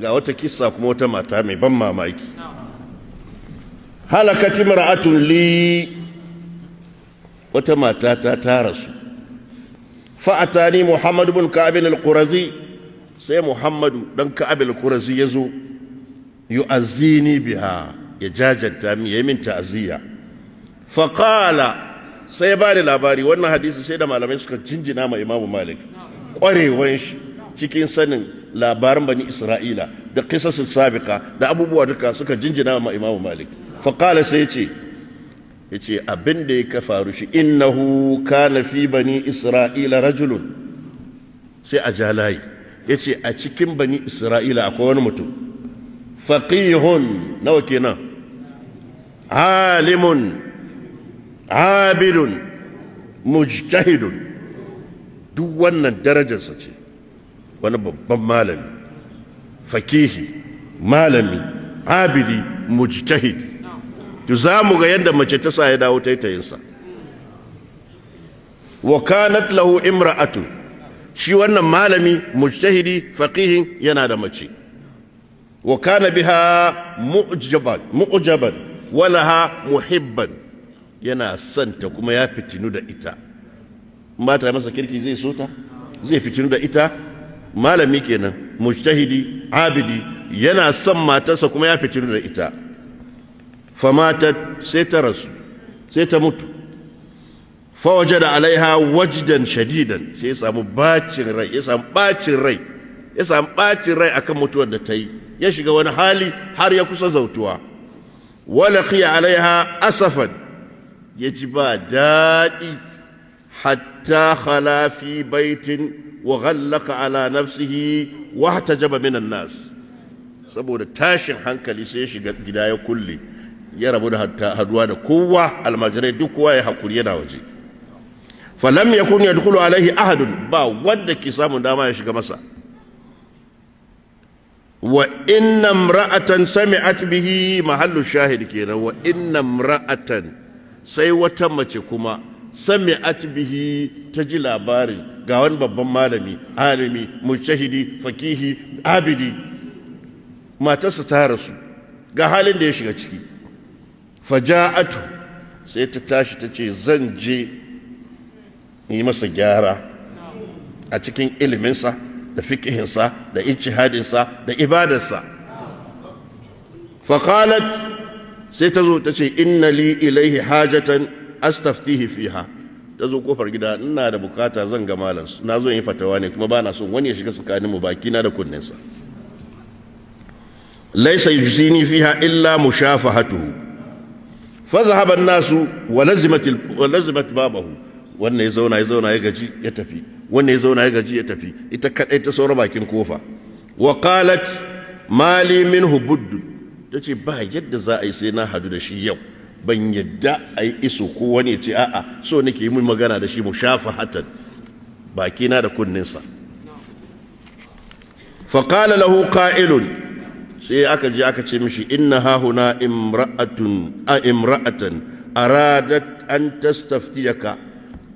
ga wata kisa kuma wata mata mai ban mamaki halakati imra'atun li wata mata ta tara su fa'atani Muhammadu bin ka'ab al-qurazi sai muhammadu dan ka'ab al-qurazi zo. yu'azzini biha ya jajanta min ya min ta'aziyya. fa sai ba da labari wannan hadisi sai da malamai suka jinjina ma imamu malik ƙwarewan shi cikin sanin labaran bani isra'ila da kisasin sabika da abubuwa duka suka jinjina wa imamu malik faƙala sai ya ce ya ce abin da ya faru shi innahu kanafi fi bani isra'ila rajulun sai a ja layi ya ce a cikin bani isra'ila akwai wani mutum faƙihun nawa kenan Halimun. abidun mujtahidun duk wannan darajarsa ce wani babban malami fakihi malami abidi mujtahid to za mu ga yadda mace ta sa ya dawo taitayinsa wa kanat lahu imra'atu shi wannan malami mujtahidi faqihin yana da mace wa kana biha mu'jaban mu'jaban walaha muhibban yana ta kuma ya fitinu da ita mata masa kirki zai so ta zai fitinu da ita malami kenan mujtahidi abidi yana son matarsa kuma ya fitinu da ita famata sai ta rasu sai ta mutu fawaje da alaiha wajdan shadidan sai ya samu bacin rai ya samu bacin rai ya samu bacin rai akan mutuwar da ta yi ya shiga wani hali har ya kusa zautuwa walaqiya alaiha asafan ya ji ba daɗi hatta khala baitin وغلق على نفسه jaba minan الناس saboda tashin hankali sai ya shiga gida ya kulle ya rabu da haduwa da kowa almajirai duk kowa ya hakuri yana waje falam yakun yadkhulu alaihi ahadun ba wanda ki samun dama ya shiga masa wa inna imra'atan sami'at bihi mahallu shahid kenan wa inna imra'atan sai wata mace kuma Sami atibihi ta ji labarin ga wani babban malami alimi mushahidi fakihi abidi matarsa ta rasu ga halin da ya shiga ciki faja'atu sai ta tashi ta ce zan je yi masa gyara a cikin iliminsa da fikihinsa da ijtihadinsa da ibadarsa faqalat sai ta zo ta ce inna li ilaihi hajatan astaftihi fiha ta zo kofar gida ina da bukata zan ga malam na zo yin fatawa ne kuma bana son wani ya shiga tsakanin mu baki na da kunninsa laysa yusini fiha illa mushafahatu fa zahaba an-nasu wa lazimat wa lazimat babahu wannan ya zauna ya zauna ya gaji ya tafi wannan ya zauna ya gaji ya tafi ita kadai ta saura bakin kofa wa qalat mali minhu budd tace ba yadda za a yi sai na hadu da shi yau ban yadda a yi iso ko wani ya ce a'a so nake yi mun magana da shi mu shafa hatan bakina da kunninsa faƙala lahu ƙa'ilun sai aka je aka ce mishi inna hahuna imra'atun a imra'atan aradat an ka?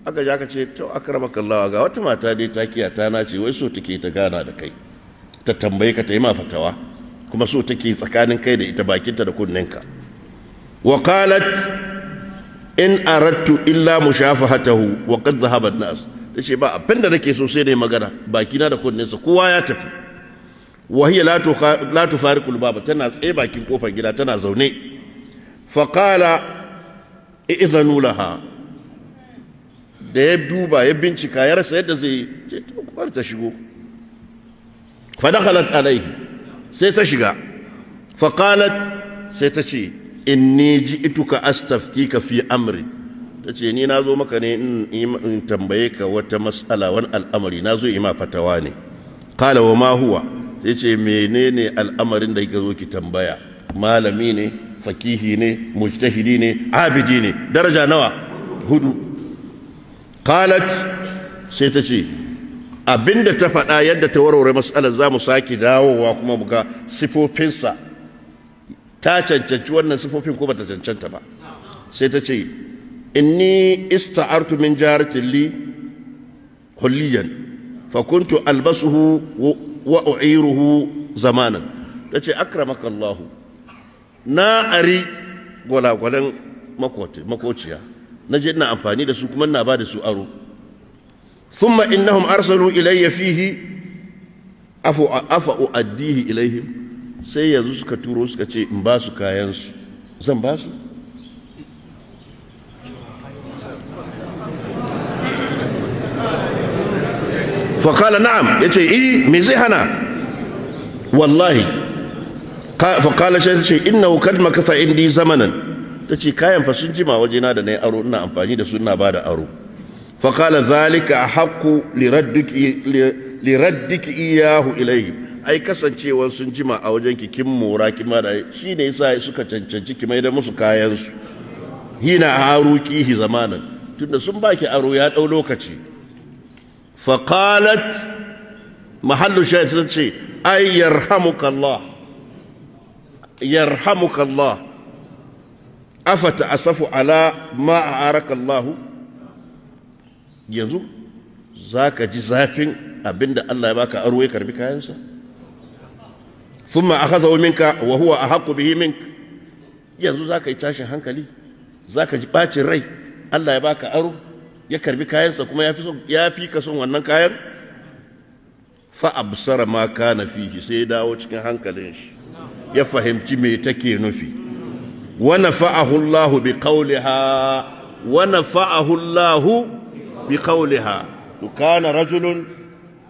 aka je aka ce to akramaka kallawa ga wata mata dai ta kiya ta ce wai so take ta gana da kai ta tambaye ka ta yi mafatawa? kuma so take tsakanin kai da ita bakinta da kunninka Wakalat in arattu illa mu wa qad dhahaba an-nas dace ba abin da nake so sai dai magana baki na da kodin sa kowa ya tafi wa hiya la tu tana tsaye bakin kofar gida tana zaune fa qala idhanu laha da ya duba ya bincika ya yadda zai ce to kwar sai ta shiga fa sai ta ce In inni ituka astaftika fi amri Ta ce ni nazo maka ne in tambaye ka wata mas'ala wani al'amari nazo ima fatawa ne kala wa ma huwa menene al'amarin da ya zo ki tambaya malami ne fakihi ne mujtahidi ne abidi ne daraja nawa hudu kalat sai ta ce abinda ta faɗa yadda ta warware matsalar za mu sake dawowa kuma muga sifofinsa ta cancanci wannan sifofin ko bata cancanta ba sai ta ce inni ista'artu min jaratin li hulliyan fa kuntu albasuhu wa u'iruhu zamanan tace akramaka Allah na ari gwalagwalan makociya naje ina amfani da su kuma ina ba da su aro thumma innahum arsalu ilayya fihi afu afa ilayhim sai yanzu suka turo suka ce in ba su kayansu zan ba su fakala na'am ya ce iya eh, me zai hana wallahi fakala shi ce ina wukar makasa indi zamanin? ta ce kayan fa sun jima na da na yi aro ina amfani da suna ba da aro fakala zalika a haku liraddiki iyahu ilayhim ai kasancewar sun jima a wajen kikin mora kima da shi ne yasa suka cancanci ki mai da musu kayan su hina haru kihi zamanan tunda sun baki aro ya ɗau lokaci fa qalat mahallu shayt sun ce ay yarhamuka Allah yarhamuka Allah afata asafu ala ma araka Allah yanzu zaka ji zafin abinda Allah ya baka aro ya karbi kayansa aka zaune minka wa huwa ahaqqu bihi mink yanzu za ka yi tashin hankali zaka ji bacin rai Allah ya baka aro ya karbi kayansa kuma ya fi ka son wannan kayan fa absara ma fi shi sai ya dawo cikin hankalin shi ya fahimci me take nufi wana nafa'ahu Allah bi qawliha wana nafa'ahu Allah bi qawliha kana rajulun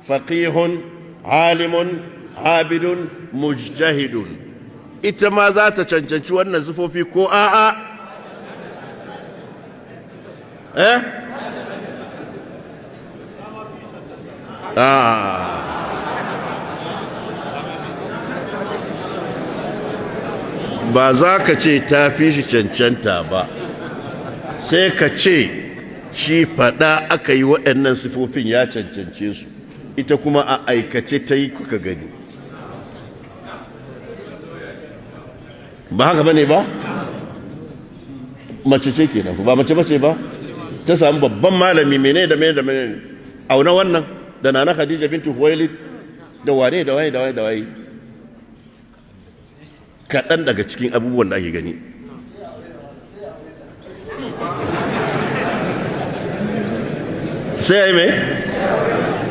faqihun alimun habidun mujtahidun ita ma za ta cancanci wannan sifofi ko a'a eh ah. ba za ka ce ta fi shi cancanta ba sai ka ce shi faɗa aka yi waɗannan sifofin ya cancance su ita kuma a aikace ta yi kuka gani ba haka bane ba mace ce kenan ba mace bace ba ta samu babban malami mene da mene da mene auna wannan da nana Khadija bintu Huwaili, da wane da waye da waye da waye kaɗan daga cikin abubuwan da ake gani sai ya yi mai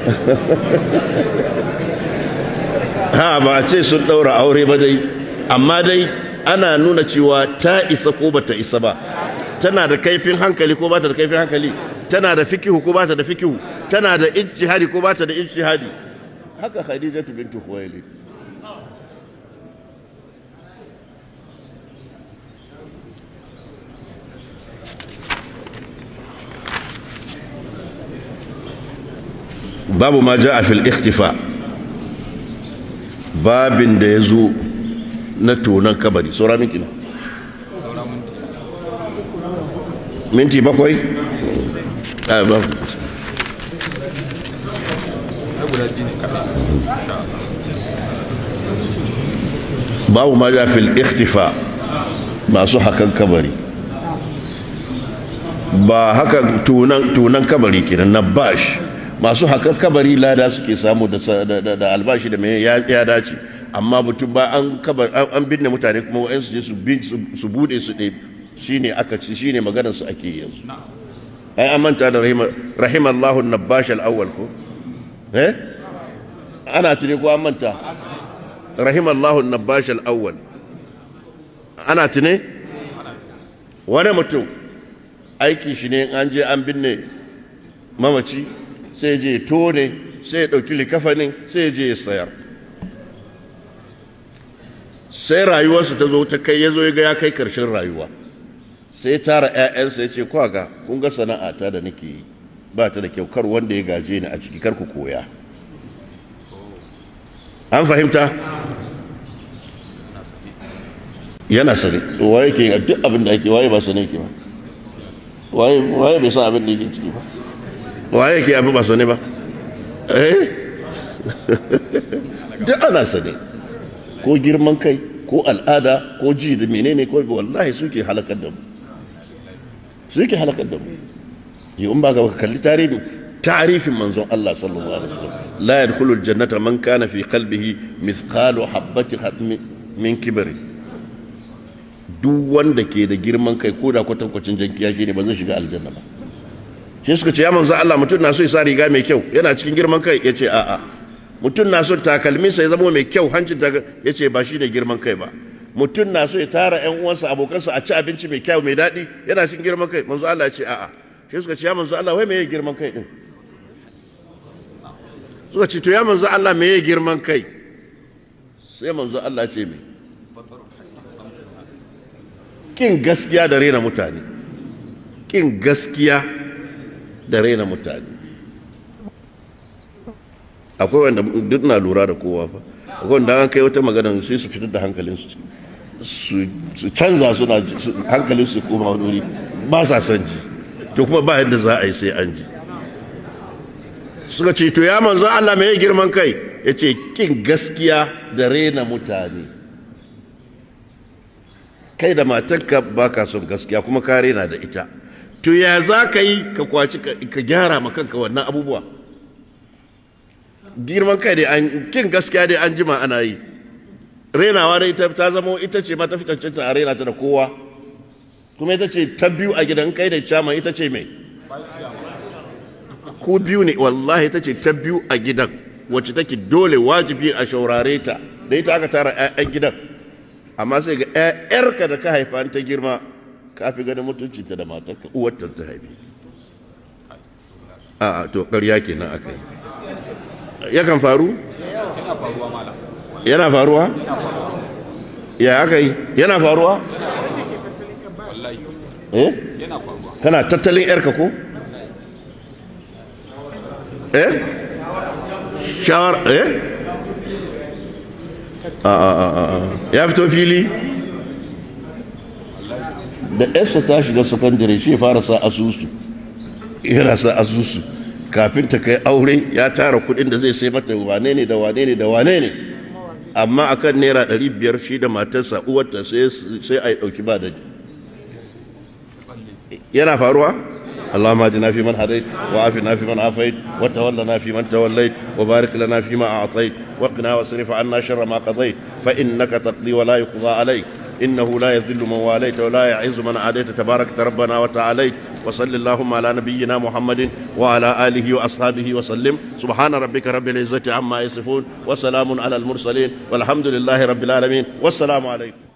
ha ba ce sun ɗaura aure ba dai amma dai ana nuna cewa ta isa ko bata isa ba tana da kaifin hankali ko bata da kaifin hankali tana da fikihu ko bata da fikihu tana da ijtihadi ko bata da ijtihadi haka khadija bintu khuwailid babu ma ja'a fil ikhtifa babin da yazo na tonon kabari saura minti na minti bakwai a ah, ba babu ma ya fi ikhtifa masu hakan kabari ba haka tunan kabari kenan na bash masu hakan kabari lada suke samu da albashi da mai ya dace amma mutum ba an kaba an binne mutane kuma wa'in su je su bin su bude su ɗe ne aka ci shine maganar su ake yanzu ai an manta da rahimallahu nabash al-awwal ko eh ana tuni ko an manta rahimallahu nabash al-awwal ana tuni wani mutum aiki shi ne an je an binne mamaci sai je tone sai ya ɗauki likafanin sai je ya sayar sai rayuwarsa ta zo ta kai ya zo ya ga ya kai karshen rayuwa sai ya tara 'ya'yansa ya ce kwaga kun ga sana'ata da nake yi ba ta da kyau kar wanda ya gaje ni a ciki kar ku koya an fahimta yana sani waye ke duk abin da ake waye ba sani ke ba waye bai san abin da yake ciki ba waye ke abin ba sani ba eh duk ana sani ko girman kai ko al'ada ko ji da menene ko wallahi suke halakar da mu suke halakar da mu yi in ba ka kalli tarihi tarifin manzon Allah sallallahu alaihi wasallam la yadkhulu aljannata man kana fi qalbihi mithqalu habati min kibri duk wanda ke da girman kai ko da kwatankwacin jankiya shine ba zai shiga aljanna ba shi suka ce ya manzo Allah mutum na so ya sa riga mai kyau yana cikin girman kai ya ce a'a mutum na son takalminsa ya zama mai kyau hancin ta ya ce ba shi ne girman kai ba mutum na so ya tara yan uwansa abokansa a ci abinci mai kyau mai daɗi yana cin girman kai manzo Allah ya ce a'a sai suka ce ya manzo Allah wai me girman kai din suka ce to ya manzo Allah me girman kai sai manzo Allah ya ce me kin gaskiya da rena mutane kin gaskiya da raina mutane akwai wanda duk na lura da kowa fa akwai wanda an kai wata magana sai su fitar da hankalinsu su canza suna hankalinsu koma wani ba sa son ji to kuma ba yadda za a yi sai an ji suka ce to ya manzo Allah mai girman kai ya ce kin gaskiya da rena mutane kai da matarka ba ka son gaskiya kuma ka rena da ita to ya za ka yi ka kwaci ka gyara ma kanka wannan abubuwa girman kai dai an kin gaskiya dai an jima ana yi renawa dai ita ta zama ita ce ma ta fitance ta rena ta da kowa kuma ita ce ta biyu a gidan kai da chama ita ce mai ku biyu ne wallahi ita ce ta biyu a gidan wacce take dole wajibi a shaurare ta da ita aka tara 'ya'yan gidan amma sai ga 'ya'yarka da ka haifa ta girma kafi ganin mutuncinta da matarka uwar ta haifi a to ƙarya kenan akai yi yakan faru yana faruwa ya aka yi yana faruwa eh kana tattalin yarka ko eh shawar eh a a a ya fito fili da yarsa ta shiga sakandare shi fara sa asusu yana sa asusu kafin ta kai aure ya tara kuɗin da zai sai mata wane ne da wane da wane ne amma akan naira ɗari biyar shi da matarsa uwarta sai a ɗauki ba da yana faruwa Allah ma ji nafi man hadai wa afi nafi man afai wa tawalla nafi man tawallai wa barik lana fi ma a'tai wa qina wa sarif anna sharra ma qadai fa innaka taqdi wa la yuqda alayk إنه لا يذل من واليت ولا يعز من عاديت تبارك ربنا وتعاليت وصل اللهم على نبينا محمد وعلى آله وأصحابه وسلم سبحان ربك رب العزة عما يصفون وسلام على المرسلين والحمد لله رب العالمين والسلام عليكم